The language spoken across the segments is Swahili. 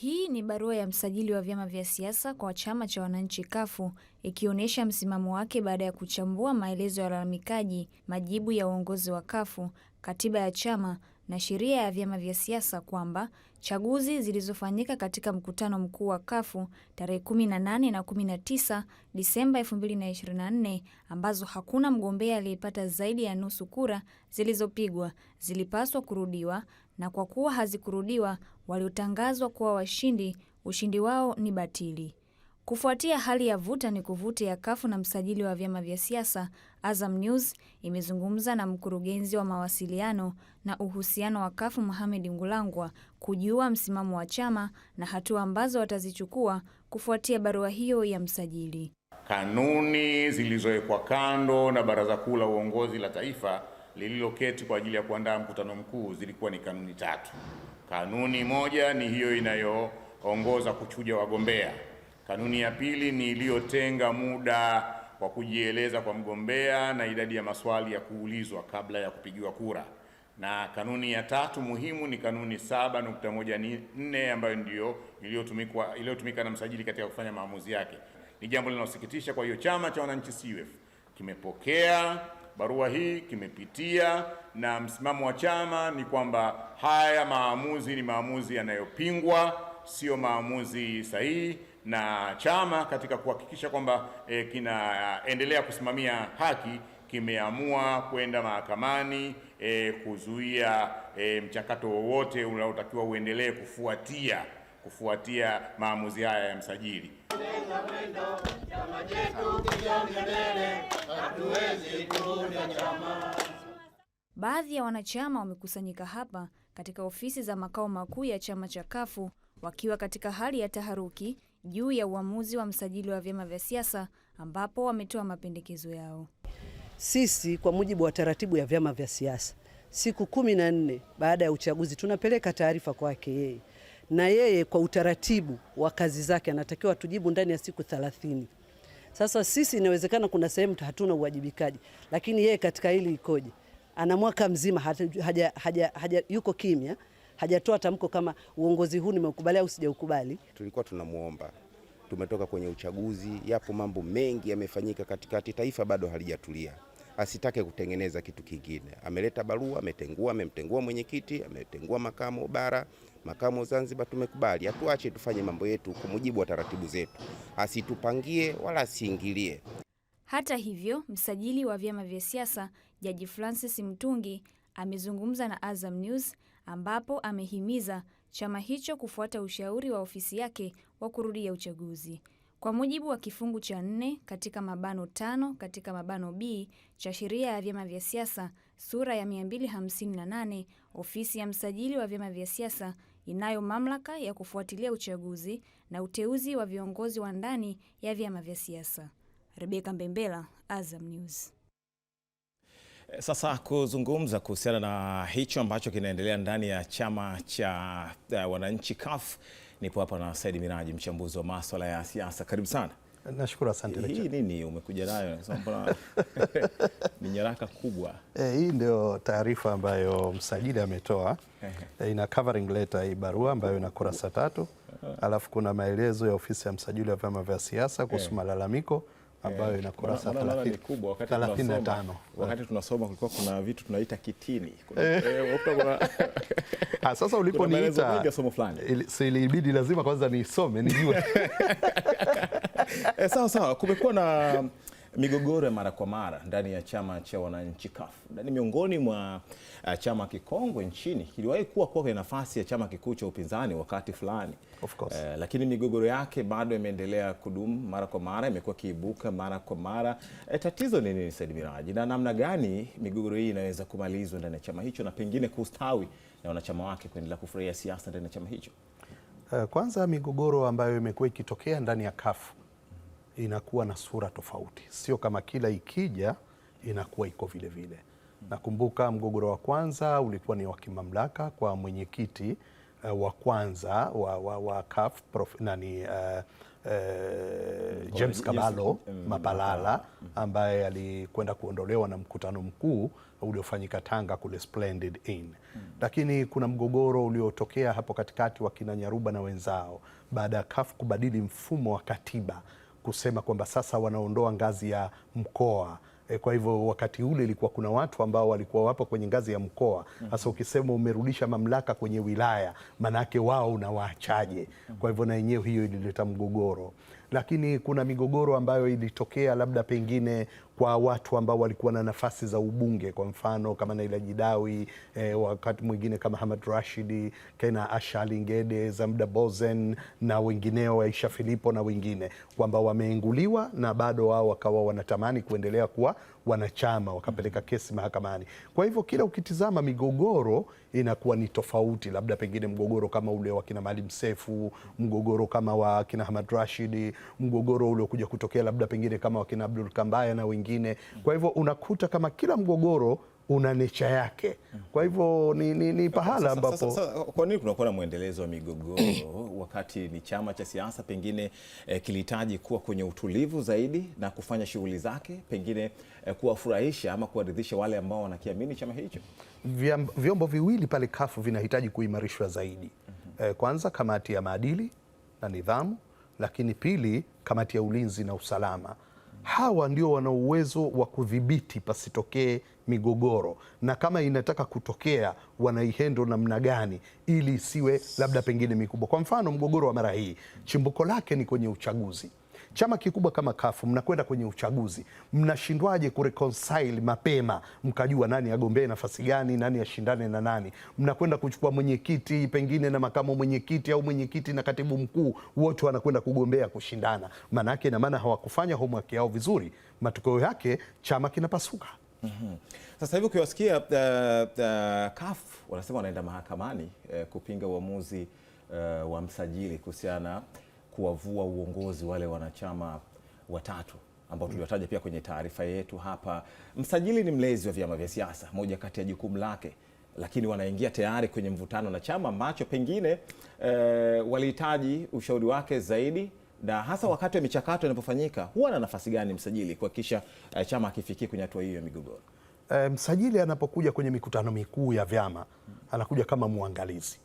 Hii ni barua ya msajili wa vyama vya siasa kwa chama cha wananchi kafu ikionyesha msimamo wake baada ya kuchambua maelezo ya walalamikaji, majibu ya uongozi wa kafu, katiba ya chama na sheria ya vyama vya siasa kwamba chaguzi zilizofanyika katika mkutano mkuu wa Kafu tarehe 18 na 19 Disemba 2024 ambazo hakuna mgombea aliyepata zaidi ya nusu kura zilizopigwa zilipaswa kurudiwa, na kwa kuwa hazikurudiwa, waliotangazwa kuwa washindi ushindi wao ni batili. Kufuatia hali ya vuta ni kuvuti ya kafu na msajili wa vyama vya siasa, Azam News imezungumza na mkurugenzi wa mawasiliano na uhusiano wa kafu Mohamed Ngulangwa kujua msimamo wa chama na hatua ambazo watazichukua kufuatia barua hiyo ya msajili. Kanuni zilizowekwa kando na Baraza Kuu la Uongozi la Taifa lililoketi kwa ajili ya kuandaa mkutano mkuu zilikuwa ni kanuni tatu. Kanuni moja ni hiyo inayoongoza kuchuja wagombea Kanuni ya pili ni iliyotenga muda wa kujieleza kwa mgombea na idadi ya maswali ya kuulizwa kabla ya kupigiwa kura. Na kanuni ya tatu muhimu ni kanuni 7.14 ambayo ndiyo iliyotumika iliyotumika na msajili katika kufanya maamuzi yake. Ni jambo linalosikitisha. Kwa hiyo chama cha wananchi CUF kimepokea barua hii, kimepitia, na msimamo wa chama ni kwamba haya maamuzi ni maamuzi yanayopingwa, sio maamuzi sahihi na chama katika kuhakikisha kwamba e, kinaendelea kusimamia haki kimeamua kwenda mahakamani e, kuzuia e, mchakato wowote unaotakiwa uendelee kufuatia kufuatia maamuzi haya ya msajili. hatuwezi chama. Baadhi ya wanachama wamekusanyika hapa katika ofisi za makao makuu ya chama cha Kafu wakiwa katika hali ya taharuki juu ya uamuzi wa msajili wa vyama vya siasa ambapo wametoa mapendekezo yao. Sisi kwa mujibu wa taratibu ya vyama vya siasa, siku kumi na nne baada ya uchaguzi tunapeleka taarifa kwake yeye, na yeye kwa utaratibu wa kazi zake anatakiwa tujibu ndani ya siku thelathini. Sasa sisi inawezekana kuna sehemu hatuna uwajibikaji, lakini yeye katika hili ikoje? Ana mwaka mzima haja, haja, haja, yuko kimya hajatoa tamko kama uongozi huu nimeukubali au sijaukubali. Tulikuwa tunamwomba, tumetoka kwenye uchaguzi, yapo mambo mengi yamefanyika katikati, taifa bado halijatulia asitake kutengeneza kitu kingine. Ameleta barua, ametengua, amemtengua mwenyekiti, ametengua makamo bara, makamo Zanzibar. Tumekubali, atuache tufanye mambo yetu kwa mujibu wa taratibu zetu, asitupangie wala asiingilie. Hata hivyo, msajili wa vyama vya siasa Jaji Francis Mtungi amezungumza na Azam News ambapo amehimiza chama hicho kufuata ushauri wa ofisi yake wa kurudia uchaguzi. Kwa mujibu wa kifungu cha nne katika mabano tano katika mabano B cha sheria ya vyama vya siasa sura ya 258, ofisi ya msajili wa vyama vya siasa inayo mamlaka ya kufuatilia uchaguzi na uteuzi wa viongozi wa ndani ya vyama vya siasa. Rebeka Mbembela, Azam News. Sasa kuzungumza kuhusiana na hicho ambacho kinaendelea ndani ya chama cha uh, wananchi CUF, nipo hapa na Said Miraji, mchambuzi wa masuala ya siasa. Karibu sana. Nashukuru, asante. Hii nini umekuja nayo? Ni nyaraka kubwa e, hii ndio taarifa ambayo msajili ametoa e, ina covering letter hii barua ambayo ina kurasa tatu, alafu kuna maelezo ya ofisi ya msajili wa vyama vya siasa kuhusu malalamiko ambayo ina kurasa 35. Wakati tunasoma kulikuwa kuna vitu tunaita kitini. Eh. Eh, ah, sasa uliponiita ilibidi lazima kwanza nisome nijue. Eh, sawa sawa, kumekuwa na migogoro ya mara kwa mara ndani ya chama cha wananchi CUF ni miongoni mwa uh, chama kikongwe nchini. Kiliwahi kuwa kwa nafasi ya chama kikuu cha upinzani wakati fulani of course. Uh, lakini migogoro yake bado imeendelea kudumu mara kwa mara, imekuwa kiibuka mara kwa mara. E, tatizo ni nini Said Miraji, na namna gani migogoro hii inaweza kumalizwa ndani ya chama hicho na pengine kustawi na wanachama wake kuendelea kufurahia siasa ndani ya chama hicho? Uh, kwanza migogoro ambayo imekuwa ikitokea ndani ya CUF inakuwa na sura tofauti, sio kama kila ikija inakuwa iko vile vile. Nakumbuka mgogoro wa kwanza ulikuwa ni wa kimamlaka kwa mwenyekiti uh, wa kwanza wa, wa, wa CAF prof, nani uh, uh, James Kabalo mm. Mapalala mm. ambaye alikwenda kuondolewa na mkutano mkuu uliofanyika Tanga kule Splendid Inn, mm. lakini kuna mgogoro uliotokea hapo katikati wa kina Nyaruba na wenzao baada ya CAF kubadili mfumo wa katiba kusema kwamba sasa wanaondoa ngazi ya mkoa. E, kwa hivyo wakati ule ilikuwa kuna watu ambao walikuwa wapo kwenye ngazi ya mkoa. Sasa mhm. ukisema umerudisha mamlaka kwenye wilaya, maanake wao unawaachaje? Mhm. Kwa hivyo na yenyewe hiyo ilileta mgogoro lakini kuna migogoro ambayo ilitokea labda pengine kwa watu ambao walikuwa na nafasi za ubunge, kwa mfano kama Naila Jidawi e, wakati mwingine kama Hamad Rashidi, kena Asha Lingede, Zamda Bozen na wengineo, Aisha Filipo na wengine, kwamba wameenguliwa na bado wao wakawa wanatamani kuendelea kuwa wanachama wakapeleka kesi mahakamani. Kwa hivyo kila ukitizama migogoro inakuwa ni tofauti, labda pengine mgogoro kama ule wa kina Maalim Seif, mgogoro kama wa kina Hamad Rashid, mgogoro uliokuja kutokea labda pengine kama wa kina Abdul Kambaya na wengine. Kwa hivyo unakuta kama kila mgogoro una necha yake. Kwa hivyo ni, ni, ni pahala ambapo kwa nini kunakuwa na mwendelezo wa migogoro wakati ni chama cha siasa pengine eh, kilihitaji kuwa kwenye utulivu zaidi na kufanya shughuli zake pengine eh, kuwafurahisha ama kuwaridhisha wale ambao wanakiamini chama hicho? Vyombo viwili pale kafu vinahitaji kuimarishwa zaidi. Mhm. Eh, kwanza kamati ya maadili na nidhamu, lakini pili kamati ya ulinzi na usalama hawa ndio wana uwezo wa kudhibiti pasitokee migogoro, na kama inataka kutokea wanaihendo namna gani ili isiwe labda pengine mikubwa. Kwa mfano mgogoro wa mara hii chimbuko lake ni kwenye uchaguzi chama kikubwa kama kafu mnakwenda kwenye uchaguzi, mnashindwaje kureconcile mapema mkajua nani agombee nafasi gani, nani ashindane na nani? Mnakwenda kuchukua mwenyekiti pengine na makamu mwenyekiti au mwenyekiti na katibu mkuu, wote wanakwenda kugombea kushindana. Maana yake na maana hawakufanya homework yao vizuri, matokeo yake chama kinapasuka. Mm -hmm. Sasa hivi ukiwasikia uh, uh, kafu wanasema wanaenda mahakamani uh, kupinga uamuzi uh, wa msajili kuhusiana kuwavua uongozi wale wanachama watatu ambao mm. tuliwataja pia kwenye taarifa yetu hapa. Msajili ni mlezi wa vyama vya siasa, moja kati ya jukumu lake, lakini wanaingia tayari kwenye mvutano na chama ambacho pengine e, walihitaji ushauri wake zaidi na hasa wakati wa michakato inapofanyika, huwa na nafasi gani msajili kuhakikisha e, chama akifikia kwenye hatua hiyo ya migogoro? E, msajili anapokuja kwenye mikutano mikuu ya vyama anakuja kama mwangalizi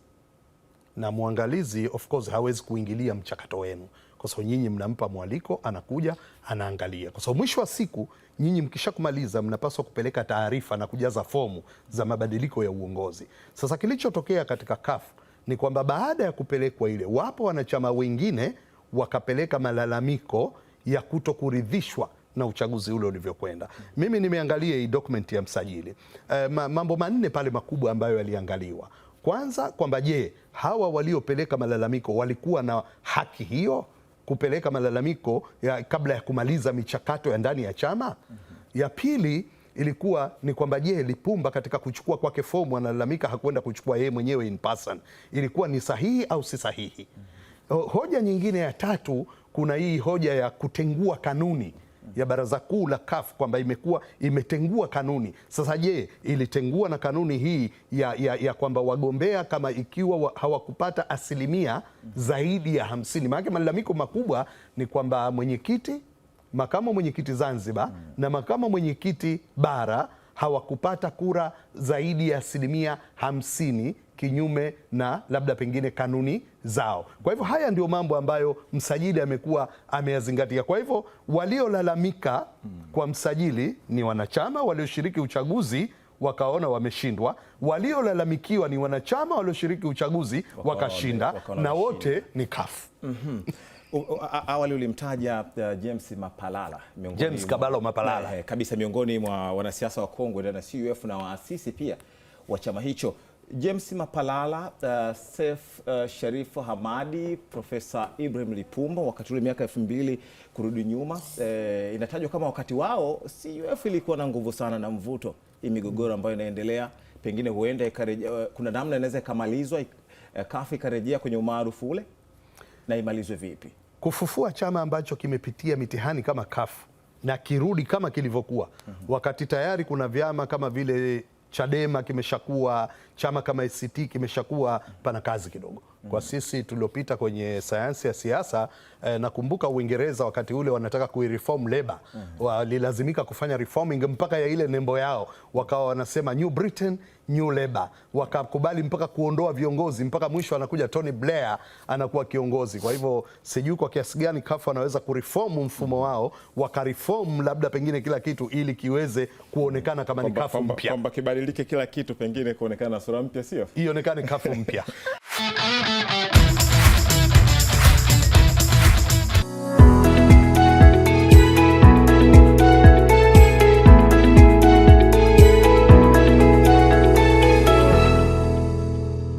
na mwangalizi of course hawezi kuingilia mchakato wenu, kwa sababu nyinyi mnampa mwaliko, anakuja anaangalia, kwa sababu mwisho wa siku nyinyi mkishakumaliza mnapaswa kupeleka taarifa na kujaza fomu za mabadiliko ya uongozi. Sasa kilichotokea katika CAF ni kwamba baada ya kupelekwa ile, wapo wanachama wengine wakapeleka malalamiko ya kuto kuridhishwa na uchaguzi ule ulivyokwenda. Mimi nimeangalia hii document ya msajili e, mambo manne pale makubwa ambayo yaliangaliwa. Kwanza kwamba je, hawa waliopeleka malalamiko walikuwa na haki hiyo kupeleka malalamiko ya kabla ya kumaliza michakato ya ndani ya chama? Mhm. Ya pili ilikuwa ni kwamba je, Lipumba katika kuchukua kwake fomu analalamika hakuenda kuchukua yeye mwenyewe in person, ilikuwa ni sahihi au si sahihi? Mhm. Hoja nyingine ya tatu, kuna hii hoja ya kutengua kanuni ya Baraza Kuu la CAF kwamba imekuwa imetengua kanuni. Sasa je, ilitengua na kanuni hii ya, ya, ya kwamba wagombea kama ikiwa wa, hawakupata asilimia zaidi ya hamsini, maanake malalamiko makubwa ni kwamba mwenyekiti, makamu mwenyekiti Zanzibar hmm. na makamu mwenyekiti bara hawakupata kura zaidi ya asilimia hamsini kinyume na labda pengine kanuni zao. Kwa hivyo haya ndio mambo ambayo msajili amekuwa ameyazingatia. Kwa hivyo waliolalamika kwa msajili ni wanachama walioshiriki uchaguzi wakaona wameshindwa, waliolalamikiwa ni wanachama walioshiriki uchaguzi wakashinda, waka na wote ni kafu. mm -hmm. Awali ulimtaja uh, James Mapalala miongoni James Kabalo Mapalala eh, eh, kabisa miongoni mwa wanasiasa wa kongwe na CUF na waasisi pia wa chama hicho. James Mapalala, uh, Sef uh, Sharifu Hamadi, Profesa Ibrahim Lipumba wakati ule miaka elfu mbili kurudi nyuma eh, inatajwa kama wakati wao CUF ilikuwa na nguvu sana na mvuto. Hii migogoro ambayo inaendelea pengine huenda ikarejea, uh, kuna namna inaweza ikamalizwa, uh, CUF ikarejea kwenye umaarufu ule, na imalizwe vipi? Kufufua chama ambacho kimepitia mitihani kama kafu na kirudi kama kilivyokuwa, mhm. wakati tayari kuna vyama kama vile Chadema kimeshakuwa chama kama ACT kimeshakuwa pana kazi kidogo kwa mm. sisi tuliopita kwenye sayansi ya siasa eh, nakumbuka Uingereza wakati ule wanataka kuireform labor mm -hmm. Walilazimika kufanya reforming mpaka ya ile nembo yao, wakawa wanasema New Britain New Labor, wakakubali mpaka kuondoa viongozi, mpaka mwisho anakuja Tony Blair anakuwa kiongozi. Kwa hivyo sijui kwa kiasi gani kafu anaweza kureform mfumo mm. wao, wakareform labda pengine kila kitu ili kiweze kuonekana kama ni kafu mpya, kwamba kibadilike kila kitu, pengine kuonekana sura mpya, sio ionekane kafu mpya